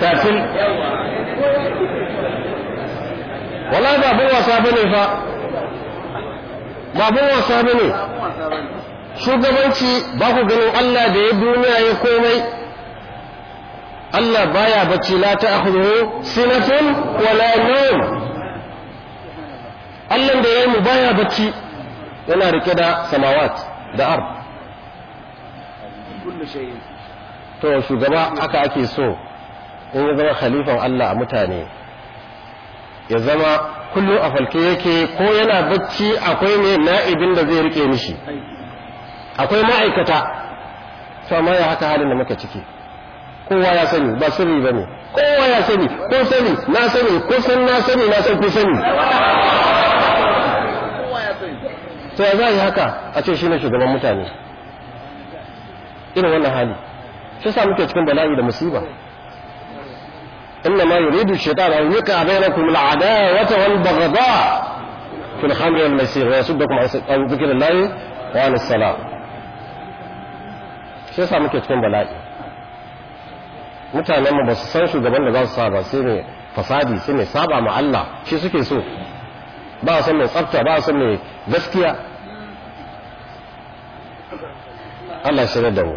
talatin wallahi ba wasa bane fa ba wasa bane shugabanci ba ku ganin Allah da ya duniya ya komai Allah baya bacci la ta'khudhu sinatun wala nawm Allah da ya mu baya bacci yana rike da samawat da ard to shugaba haka ake so in ya zama khalifan Allah a mutane ya zama kullum a falke yake ko yana bacci akwai ne na'ibin da zai rike mishi akwai ma'aikata to amma ya haka halin da muka ciki kowa ya sani ba sirri ba ne kowa ya sani ko sani na sani ko san na sani na san ku sani to ya za yi haka a ce shi ne shugaban mutane irin wannan hali shi sa muke cikin bala'i da musiba إنما يريد الشيطان أن يقع بينكم العداوة والبغضاء في الخمر والميسير ويصدكم عن ذكر الله وعن الصلاة shi yasa muke cikin bala'i mutanen mu ba su san shugaban da za su saba sai ne fasadi sai ne saba ma Allah shi suke so ba san mai tsafta ba san mai gaskiya Allah shi da mu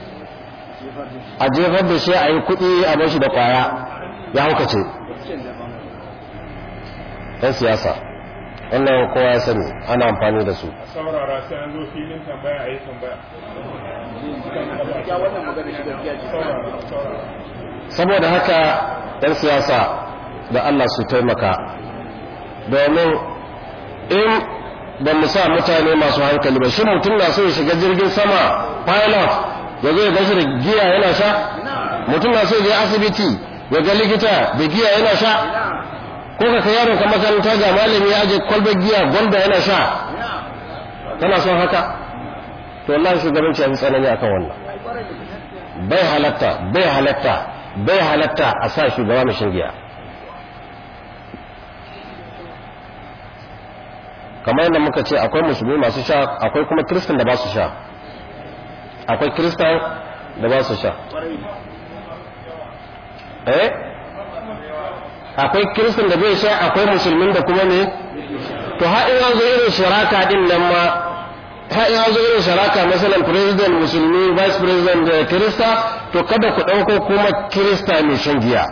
a jefar da shi a yi kuɗi a bashi da kwaya ya haukace ɗan siyasa wannan kowa ya sani ana amfani da su saurara sai an zo filin tambaya a yi tambaya saboda haka ɗan siyasa da Allah su taimaka domin in ba mu sa mutane masu hankali ba shi mutum na so ya shiga jirgin sama pilot ya zo ya da giya yana sha mutum na so je asibiti ya ga likita da giya yana sha ko ka kai yaron ka makaranta ga malami ya je kwalbar giya gwanda yana sha kana son haka to wallahi shugabanci abin tsanani akan wannan bai halatta bai halatta bai halatta a sa shugaba mai giya kamar yadda muka ce akwai musulmi masu sha akwai kuma kiristan da ba su sha akwai kristan da ba su sha eh akwai kristan da bai sha akwai musulmin da kuma ne to har in zo irin shiraka din nan ma har in zo irin shiraka misalan president musulmi vice president da eh, kirista to kada ku dauko kuma kirista mai shan giya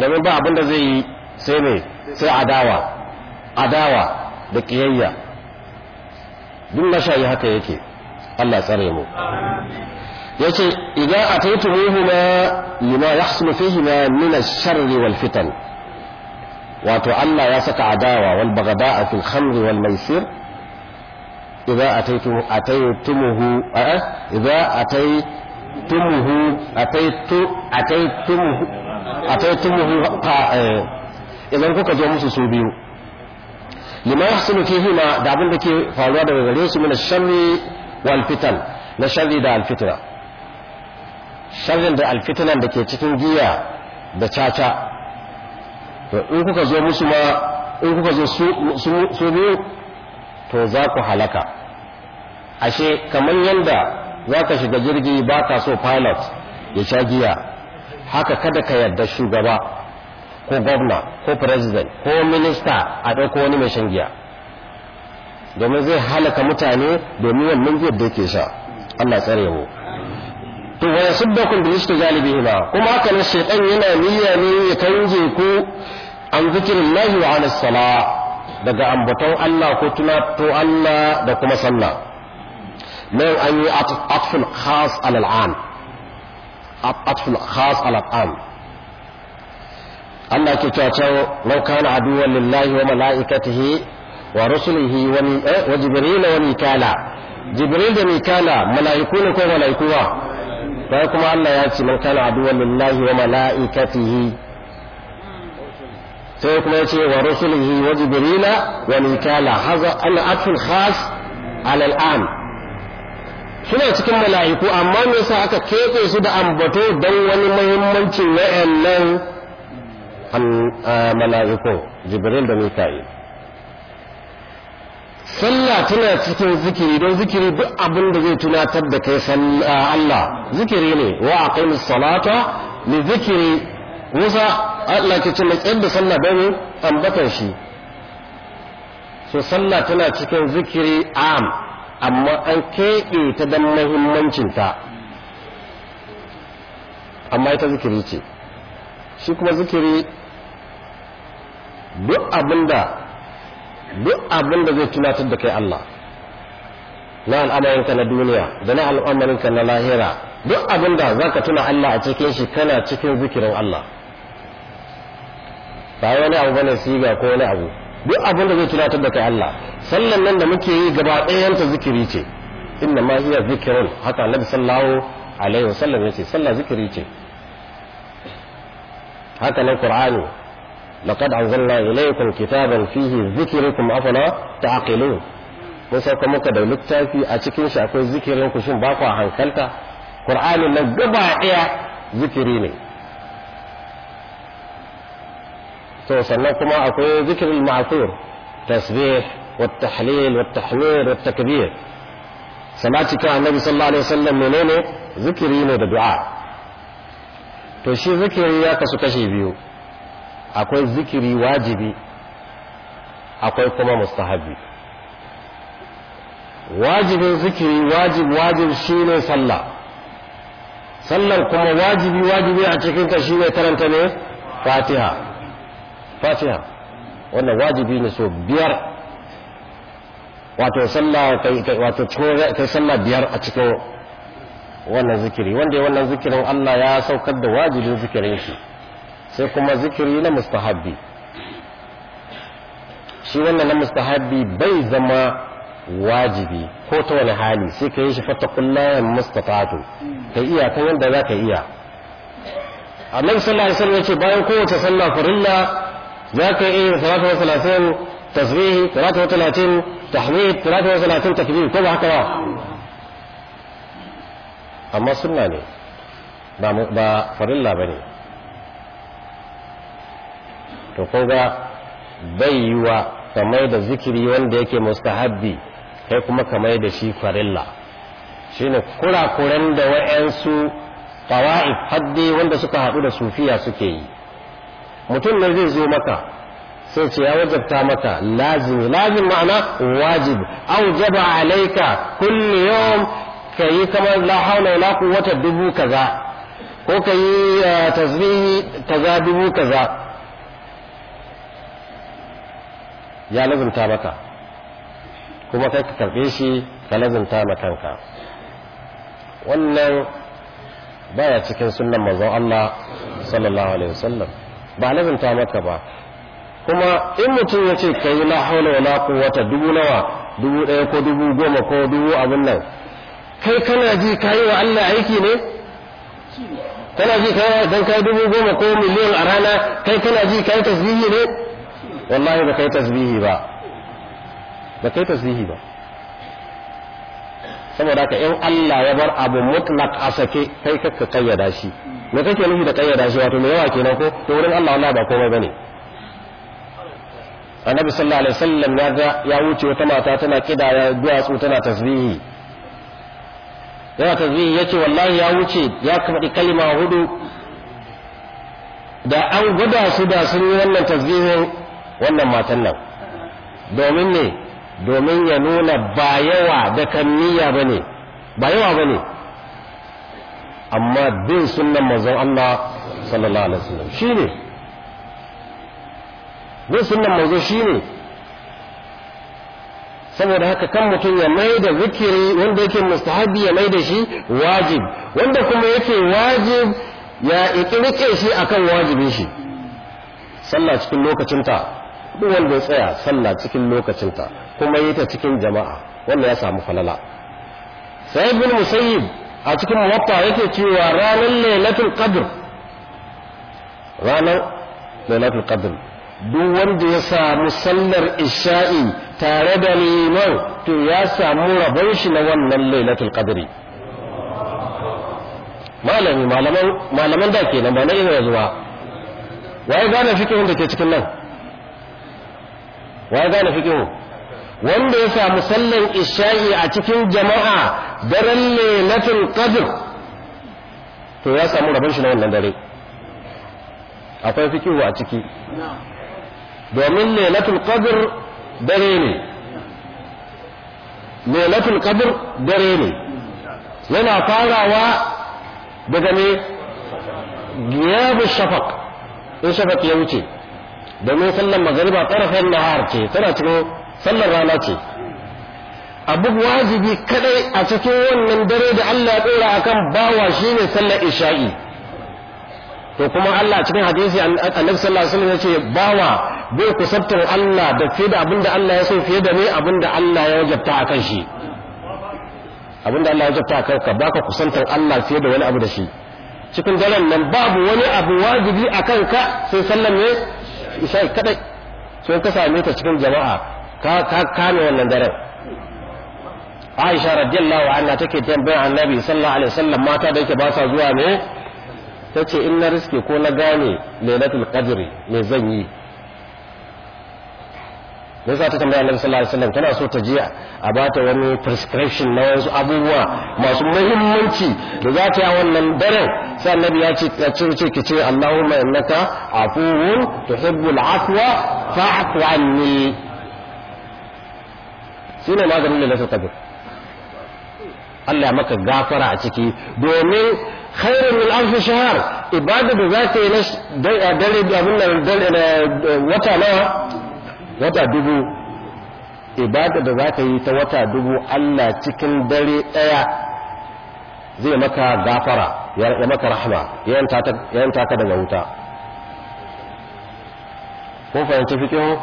domin ba abin da zai yi sai ne sai adawa adawa da kiyayya duk yi haka yake Allah tsare mu yace idan ataytumuhuma lima yahsulu fihima min ash-sharri wal fitan wato Allah ya saka adawa wal baghda'a fil khamri wal maisir idza ataytumu ataytumuhu a idza eh, idan kuka je musu su biyu lima yahsulu da abin da ke faruwa daga gare su min ash wal na sharri da alfitina da ke cikin giya da caca to in kuka zo musu ma in kuka zo su biyu to za ku halaka ashe kamar yadda za ka shiga jirgi ba ka so pilot ya sha giya haka kada ka yarda shugaba ko gwamna ko president ko minista a ɗauko wani mai shan giya domin zai halaka mutane domin wannan giyar da yake sha Allah tsare mu to wa yasuddakum bi jalibihi ba kuma haka ne shaytan yana niyya ne ya kanje ku an zikrillahi wa ala salah daga ambaton Allah ko tunato Allah da kuma sallah nan an yi atful khas ala an atful khas ala al'an Allah ke cewa law kana aduwwan lillahi wa mala'ikatihi wa rusulihi eh, wa jibril wa mikala jibril da mikala mala'iku ko mala'iku ba kuma Allah ya ce man kana aduwwan lillahi wa mala'ikatihi sai kuma ya ce wa wa wa haza suna cikin mala'iku amma me sa aka keɓe su da ambato don wani muhimmancin nan eh, mala'iku jibril da mika'il sallah tana cikin zikiri don zikiri duk abin da zai tunatar da kai Allah zikiri ne wa aqim salata li zikiri Musa Allah ke ce mai tsayar da sallah don ambatan shi so sallah tana cikin zikiri am amma an keɓe ta don muhimmancinta amma ita zikiri ce shi kuma zikiri duk abin da duk abin da zai tunatar da kai Allah na al'amarinka na duniya da na al'amarinka na lahira duk abin da za ka tuna Allah a cikin shi kana cikin zikirin Allah ba wani abu bane siga ko wani abu duk abin da zai tunatar da kai Allah sallan nan da muke yi gaba ɗayanta zikiri ce inna ma hiya zikirin haka annabi sallallahu alaihi wasallam yace sallah zikiri ce haka nan qur'ani لقد أنزلنا إليكم كتابا فيه ذكركم أفلا تعقلون mun sauka muka da littafi a cikin shi akwai zikirin ku shin ba ku hankalta qur'ani na gaba daya zikiri ne to sannan kuma akwai zikirin ma'thur tasbih wa tahlil wa tahmid wa takbir salati ka annabi sallallahu alaihi wasallam menene zikiri ne da du'a to shi zikiri ya kasu kashi biyu akwai zikiri wajibi akwai kuma mustahabi wajibin zikiri wajib wajib shine sallah sallar kuma wajibi wajibi a cikin shine karanta ne fatiha fatiha wannan wajibi ne so biyar wato sallah wato kai sallah biyar a cikin wannan zikiri wanda wannan zikirin Allah ya saukar da wajibin zikirin shi sai kuma zikiri na mustahabbi shi wannan na mustahabbi bai zama wajibi ko ta wani hali sai ka yi shi fatakullayan Tato ka iya ta yadda za ka iya nan sallallahu alaihi wasallam ce bayan kowace sallah farilla za ka iya salatu wa salatin tasbihi salatu wa salatin tahmid salatu wa salatin takbir ko ba haka ba amma sunna ne ba farilla ba ne. to ko koga bai yi wa kamar da zikiri wanda yake mustahabbi kai kuma kamar da shi farilla ne kurakuren da wa'yansu kawai haddi wanda suka haɗu da sufiya suke yi mutum ne zai zo maka sai ce ya wajabta maka lazimi lazim ma'ana wajib aujaba alaika kulli yawm kayi kamar la haula wala quwwata dubu kaza ko kayi eh, tasbihi kaza dubu kaza ya lazumta maka kuma kai ka karɓe shi ka lazumta ma kanka wannan baya cikin sunnan manzon Allah sallallahu alaihi wasallam ba lazumta maka ba kuma in mutum ya ce ka yi la haula wala quwwata dubu nawa dubu ɗaya ko dubu goma ko dubu abin nan kai kana ji ka yi wa Allah aiki ne kana ji ka yi dan ka dubu goma ko miliyan a rana kai kana ji ka yi tasbihi ne wallahi ba kai tasbihi ba ba kai tasbihi ba saboda ka in Allah ya bar abu mutlaq a sake kai kakka kayyada shi me kake nufi da kayyada shi wato me yawa kenan ko to wurin Allah wallahi ba komai bane annabi sallallahu alaihi wasallam ya ga ya wuce wata mata tana kidaya duwatsu tana tasbihi yana tasbihi yace wallahi ya wuce ya kamar kalma hudu da an gwada su da sun yi wannan tasbihin wannan matan nan domin ne domin ya nuna ba yawa da kammiya ba ne ba yawa ba ne amma bin sunan manzon Allah sallallahu alaihi wasallam shine bin sunnan shi shine saboda haka kan mutum ya mai da zikiri wanda yake mustahabi ya mai da shi wajib wanda kuma yake wajib ya ikirike shi akan wajibin shi sallah cikin lokacinta duk wanda ya tsaya sallah cikin lokacinta kuma yi ta cikin jama'a wanda ya samu falala sai ibn musayyib a cikin muwatta yake cewa ranar lailatul qadr ranar lailatul qadr duk wanda ya samu sallar isha'i tare da liman to ya samu rabon shi na wannan lailatul qadri malami malaman malaman da nan ba na iya zuwa waye gane fikihin da ke cikin nan wa ya gane fikihu wanda ya samu sallan isha'i a cikin jama'a daren lailatul qadr to ya samu rabon shi na wannan dare akwai fikihu a ciki domin lailatul qadr dare ne lailatul qadr dare ne yana farawa daga ne giyabu shafaq in shafaq ya wuce domin sallar magariba tarafin nahar ce tana cikin sallar rana ce abu wajibi kadai a cikin wannan dare da Allah ya dora akan bawa shine sallar isha'i to kuma Allah cikin hadisi annabi sallallahu alaihi wasallam yace bawa bai kusantar Allah da fiye da abinda Allah ya so fiye da ne abinda Allah ya wajabta akan shi abinda Allah ya wajabta akan ka baka kusantar Allah fiye da wani abu da shi cikin daren nan babu wani abu wajibi akan ka sai sallar ne isha'i kadai so ka same ta cikin jama'a ka ka kame wannan daren Aisha radiyallahu anha take tambayar Annabi sallallahu alaihi wasallam mata da yake ba sa zuwa ne tace in na riske ko na gane lailatul qadri me zan yi me yasa ta tambaya annabi sallallahu alaihi wasallam tana so ta jiya a bata wani prescription na wasu abubuwa masu muhimmanci da za ta yi wannan daren sai annabi ya ce ya ce ce ki ce Allahumma innaka afuwun tuhibbul afwa fa'fu anni shine maganin da ta tabbata Allah maka gafara a ciki domin خير من ألف شهر إبادة ذات دل دل أبن دل وتنا wata dubu ibada da za ka yi ta wata dubu Allah cikin dare ɗaya zai maka gafara ya maka rahama ya yanta ka daga wuta ko fahimci fikin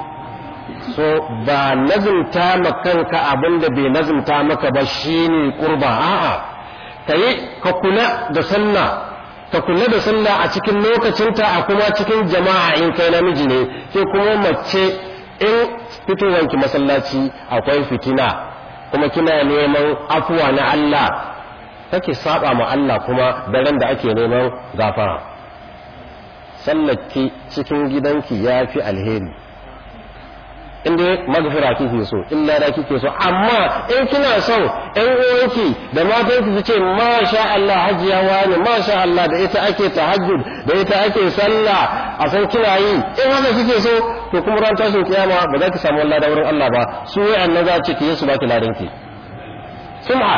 so ba nazumta ma abinda bai nazumta maka ba shi ne, kurba a'a kai ka kula da sanna ka kula da sallah a cikin lokacinta a kuma cikin jama'a in kai namiji ne sai kuma mace in fitowanki masallaci akwai fitina kuma kina neman afuwa na Allah kake saba ma Allah kuma daren da ake neman gafara sallaki cikin gidanki ya fi alheri in dai magfira kike so in lada kike so amma in kina so ɗan uwanki da matan su ce masha Allah ya wani masha Allah da ita ake tahajjud da ita ake sallah a san kina yi in haka kike so to kuma ran tashin kiyama ba za ki samu da wurin Allah ba su wa'annan za ce ki su baki ladan ki sum'a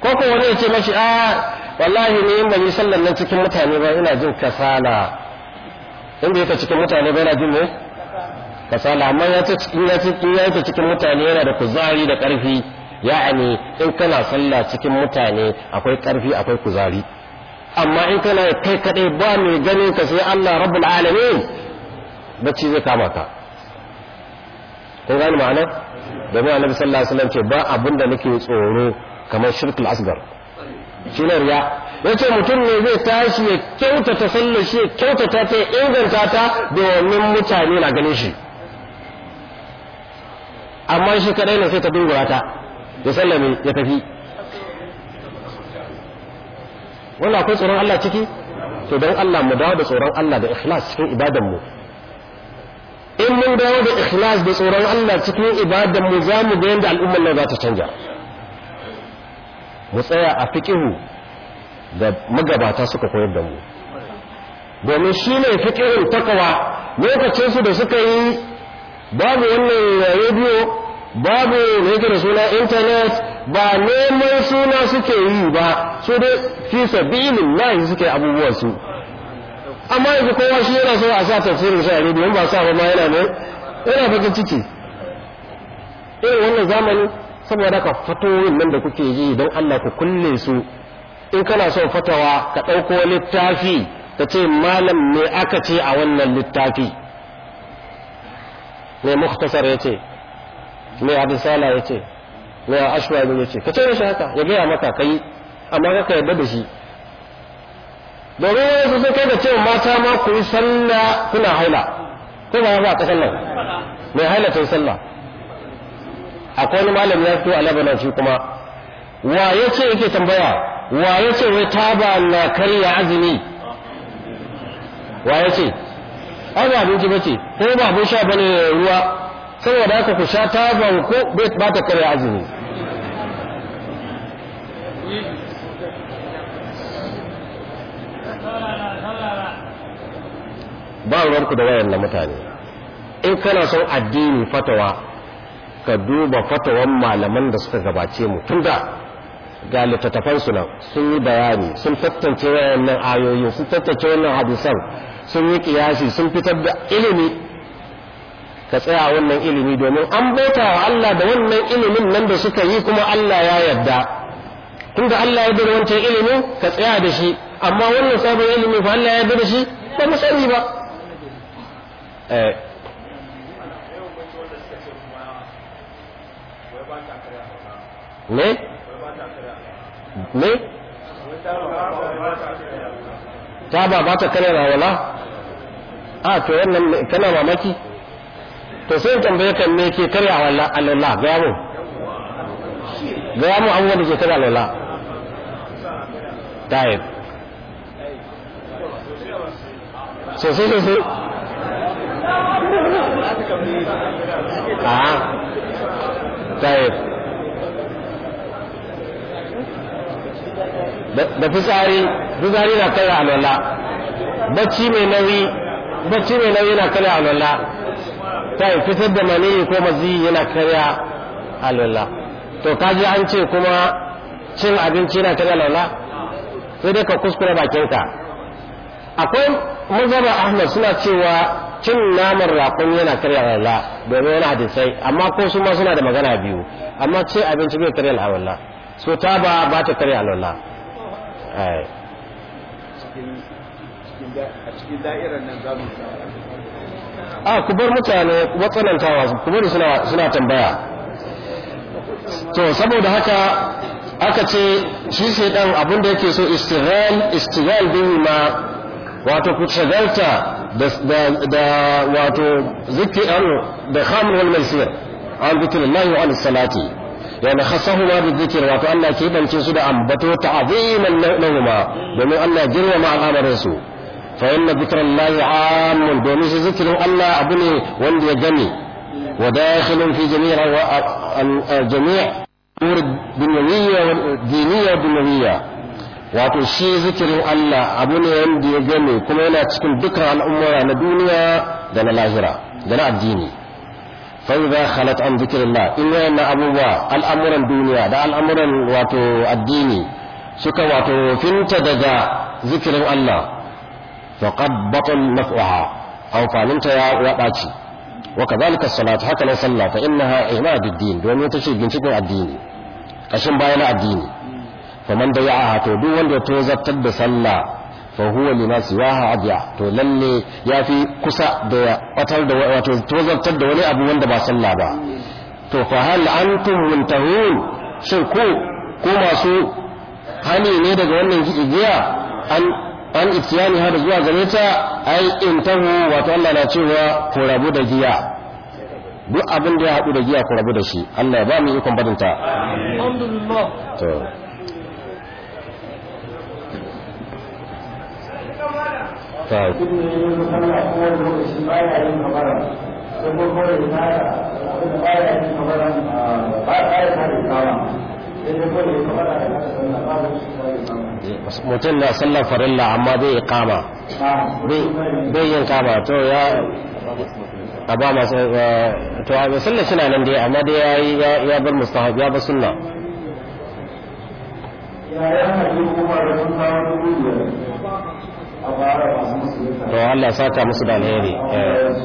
ko ko wani ya ce mashi a ah, wallahi ne in ban yi sallan nan cikin mutane ba ina jin kasala in bai ka cikin mutane ba yana jin ne kasala amma ya ce in ya ce cikin mutane yana da kuzari da karfi ya'ani in kana sallah cikin mutane akwai karfi akwai kuzari amma in kana kai kadai ba mai ganin ka sai Allah rabbul alamin bacci zai kama ka kun gani ma'ana domin annabi sallallahu alaihi wasallam ce ba abin da nake tsoro kamar shirkul asgar shi na riya ya ce mutum ne zai tashi ya kyautata sallar shi ya kyautata ta ya inganta ta domin mutane na ganin shi amma shi kadai ne sai ta dungura ta ya sallame ya tafi wannan akwai tsoron Allah ciki to don Allah mu dawo da tsoron Allah da ikhlas cikin ibadan mu in mun dawo da ikhlas da tsoron Allah cikin ibadan mu za mu ga yadda al'ummar nan za ta canja mu tsaya a fiƙihu da magabata suka koyar da mu domin shi ne fikirin takawa lokacinsu da suka yi babu wannan rediyo babu ne yake da suna intanet ba neman suna suke yi ba su dai fi sabilin lahi suke abubuwansu amma yanzu kowa shi yana so a sa tafsirin shi a rediyo ba sa ba ma yana ne yana fata ciki irin wannan zamani saboda ka fatoyin nan da kuke yi don Allah ku kulle su in kana son fatawa ka ɗauko littafi ka ce malam ne aka ce a wannan littafi Mai muktasar ya ce me abisala ya ce Mai ashwa ya ce ka ce shi haka ya gaya maka ka yi amma kaka yarda da shi domin wasu sun kai da cewa mata ma ku yi sallah kuna haila ko ba ba ta sallah mai haila ta sallah akwai wani malami ya fito a Lebanon shi kuma wa ya ce yake tambaya wa ya ce wai taba na karya azumi wa ya ce an ba abinci ba ce, ko ba abin sha bane ruwa saboda haka ku sha taban ko bai ba ta karya azumi ba ruwanku da wayan na mutane in kana son addini fatawa ka duba fatawan malaman da suka gabace mu Tun da ga littattafansu nan sun yi bayani sun tattance wayannan ayoyi sun tattance wannan hadisan sun yi kiyasi sun fitar da ilimi ka tsaya wannan ilimi domin an bauta wa Allah da wannan ilimin nan da suka yi kuma Allah ya yarda tun da Allah ya bada wancan ilimin ka tsaya da shi amma wannan sabon ilimi fa Allah ya bi da shi ba mu sani ba eh, me me ta ba ba ta karya rawala a to wannan kana mamaki to sai tambaye kan me ke karya wala alala ga mu ga mu an wani ke karya alala tayi so so so so ah tayyib da fitsari fitsari na karya alwala bacci mai nauyi bacci mai nauyi na karya alwala kai fitar da mani ko mazi yana karya alwala to kaji an ce kuma cin abinci yana karya alwala sai dai ka kuskure bakinka akwai mazaba ahmad suna cewa cin naman rakon yana karya alwala domin yana hadisai amma ko su ma suna da magana biyu amma ce abinci bai karya alwala so ta ba ba ta karya alwala a ah, ku bar mutane matsanantawa ku bari suna tambaya to saboda haka aka ce shi sai dan abinda yake so istighal istighal bihi ma wato ku shagalta da wato zikir da khamr maisir an zikrillah wa salati ونخصهما بالذكر وكأن كيبا كيسودا أنبتوا عظيما لهما بمن أن جروا مع الأمر يسوع فإن ذكر الله عام بمن ذكر الله أبني وندي جني وداخل في جميع جميع أمور الدنيوية والدينية والدنيوية wato shi ذكر Allah abu ne wanda ya gane kuma yana cikin dukkan al'umma na duniya da na lahira da fa idza khalat an dhikrillah in wayanna abubuwa al'amuran duniya da al'amuran wato addini suka wato finta daga zikirin Allah faqad batal naf'uha amfaninta ya ya wa kadhalika as-salat haka na sallah fa innaha imaduddin domin ta ce ginshikin addini kashin bayan addini faman da ya to duk wanda ya tozartar da sallah fa huwa lima siwaha adya to lalle yafi kusa da watar da wato tozartar da wani abu wanda ba sallah ba to fa hal antum muntahun shin ku ko masu hani ne daga wannan giya an an ittiyani hada zuwa gare ta ai in tahu wato Allah na cewa ku rabu da giya duk abin da ya haɗu da giya ku rabu da shi Allah ya ba mu ikon barinta amin alhamdulillah to طيب mutum na sallar farilla amma zai kama bai yin kama to ya a ba masu eh, to a sallar shi nan dai amma dai ya bar mustahab ya bar sunna ya yi hajji kuma da sun kawo to Allah ya saka musu da alheri eh,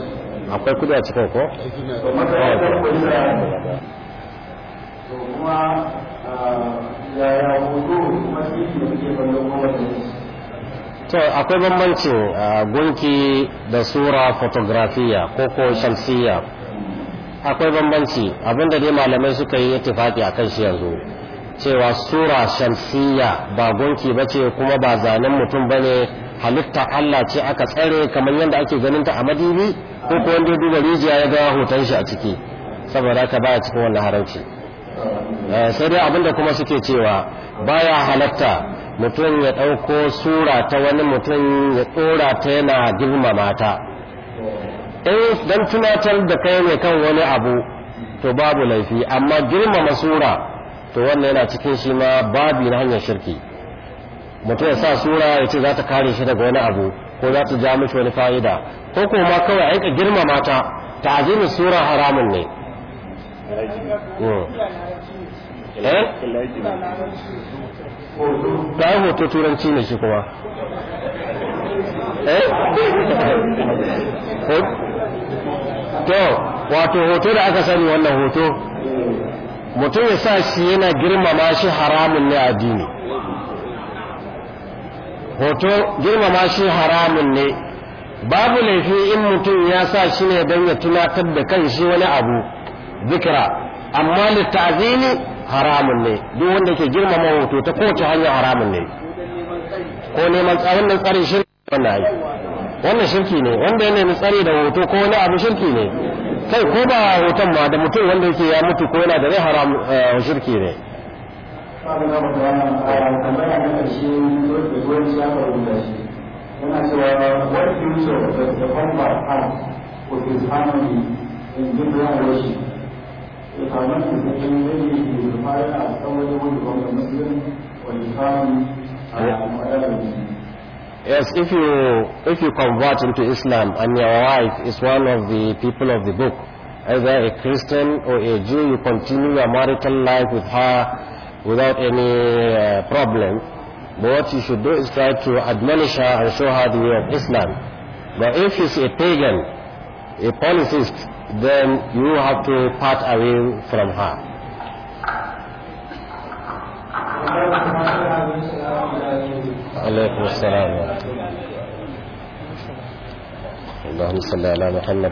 akwai kudu a cikin ko to ah, akwai bambanci ah, gunki da sura fotografiya ko ko shamsiya akwai bambanci abinda dai malamai suka yi ittifaki a kan shi yanzu cewa sura shamsiya ba gunki ba ce kuma ba zanen mutum ba ne halitta Allah ce aka tsare kamar yadda ake ganin ta a madini ko ko wanda ya duba rijiya ya ga hoton shi a ciki saboda haka baya cikin wannan haramci eh, sai dai abinda kuma suke cewa baya halatta mutum ya ɗauko sura ta wani mutum ya tsora ta yana girmama ta eh don tunatar da kai ne kan wani abu to babu laifi amma girmama sura to wannan yana cikin shi ma babi na hanyar shirki mutum ya sa sura ya ce za ta kare shi daga wani abu ko za ta ja mishi wani fa'ida ko kuma kawai aika girma mata ta ta'azimin sura haramun ne hmm. eh ta hoto turanci ne shi kuma eh? to wato hoto da aka sani wannan hoto mutum ya sa shi yana girmama shi haramun ne addini hoto girmama shi haramun ne babu laifi in mutum ya sa shi ne don ya tunatar da kan shi wani abu zikira amma littazini haramun ne duk wanda ke girmama hoto ta kowace hanyar haramun ne ko neman da tsarin shirki wannan yi wannan shirki ne wanda ya nemi tsari da hoto ko wani abu shirki ne kai ko ba hoton ma da mutum wanda yake ya mutu ko yana da rai haram eh, shirki ne what the with his family in worship if maybe he as somebody who becomes a Muslim or Islam and whatever Yes, if you if you convert into Islam and your wife is one of the people of the book, either a Christian or a Jew, you continue your marital life with her without any uh, problem. But what you should do is try to admonish her and show her the way of Islam. But if she's a pagan, a polytheist, then you have to part away from her. عليكم السلام اللهم صل على محمد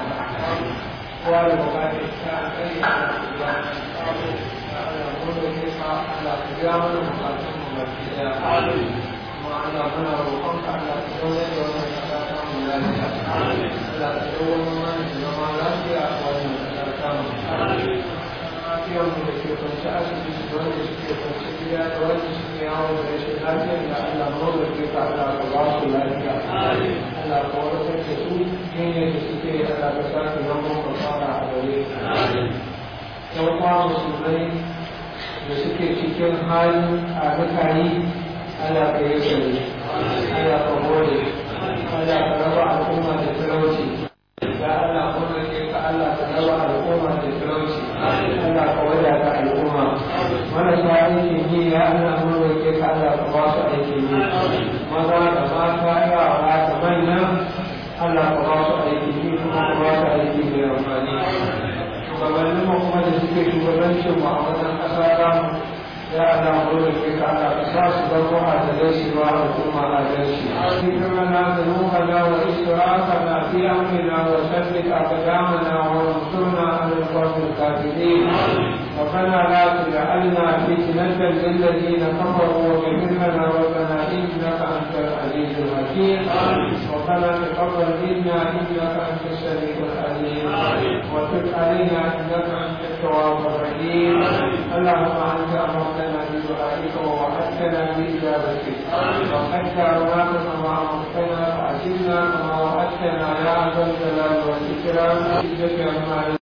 wani ta da kuma samu da ana gudu mu baki da kuma Allah muna roƙon ka Allah lafiya Allah lafiya a mu da ke kwanci asibiti da wanda da wanda suke yawon da rashin lafiyar da ta Allah ka ba su lafiya ne da suke da ta su zama kafara a gare su yan kwa musulmai da suke cikin hali a rikari Allah ka yi tsari ala ka gode ala ka raba al'umma da talauci da ala kuma ke ka ala ka raba al'umma da talauci ala ka wadata al'umma marasa aikin yi ya ala kuma ke ka ala ka ba su aikin yi maza da mata yara da manya Allah kuma da suke shugabancin mu a wannan ƙasa ta mu ya Allah mu dole ke ka Allah ka sa su zama adalci ba al'umma adalci kuma na da nuka da wa isra'a na fi amrina wa shaddid aqdamana wa ansurna ala al-qawmi al-kafirin ربنا لا تجعلنا فتنة للذين كفروا وبهمنا ربنا إنك أنت العزيز الحكيم ربنا تقبل منا انك انت السميع العليم وتب علينا انك انت التواب الرحيم اللهم انت امرتنا بدعائك ووعدتنا باجابتك وقد دعوناك مع ربنا فاجبنا كما وعدتنا يا ذا الجلال والاكرام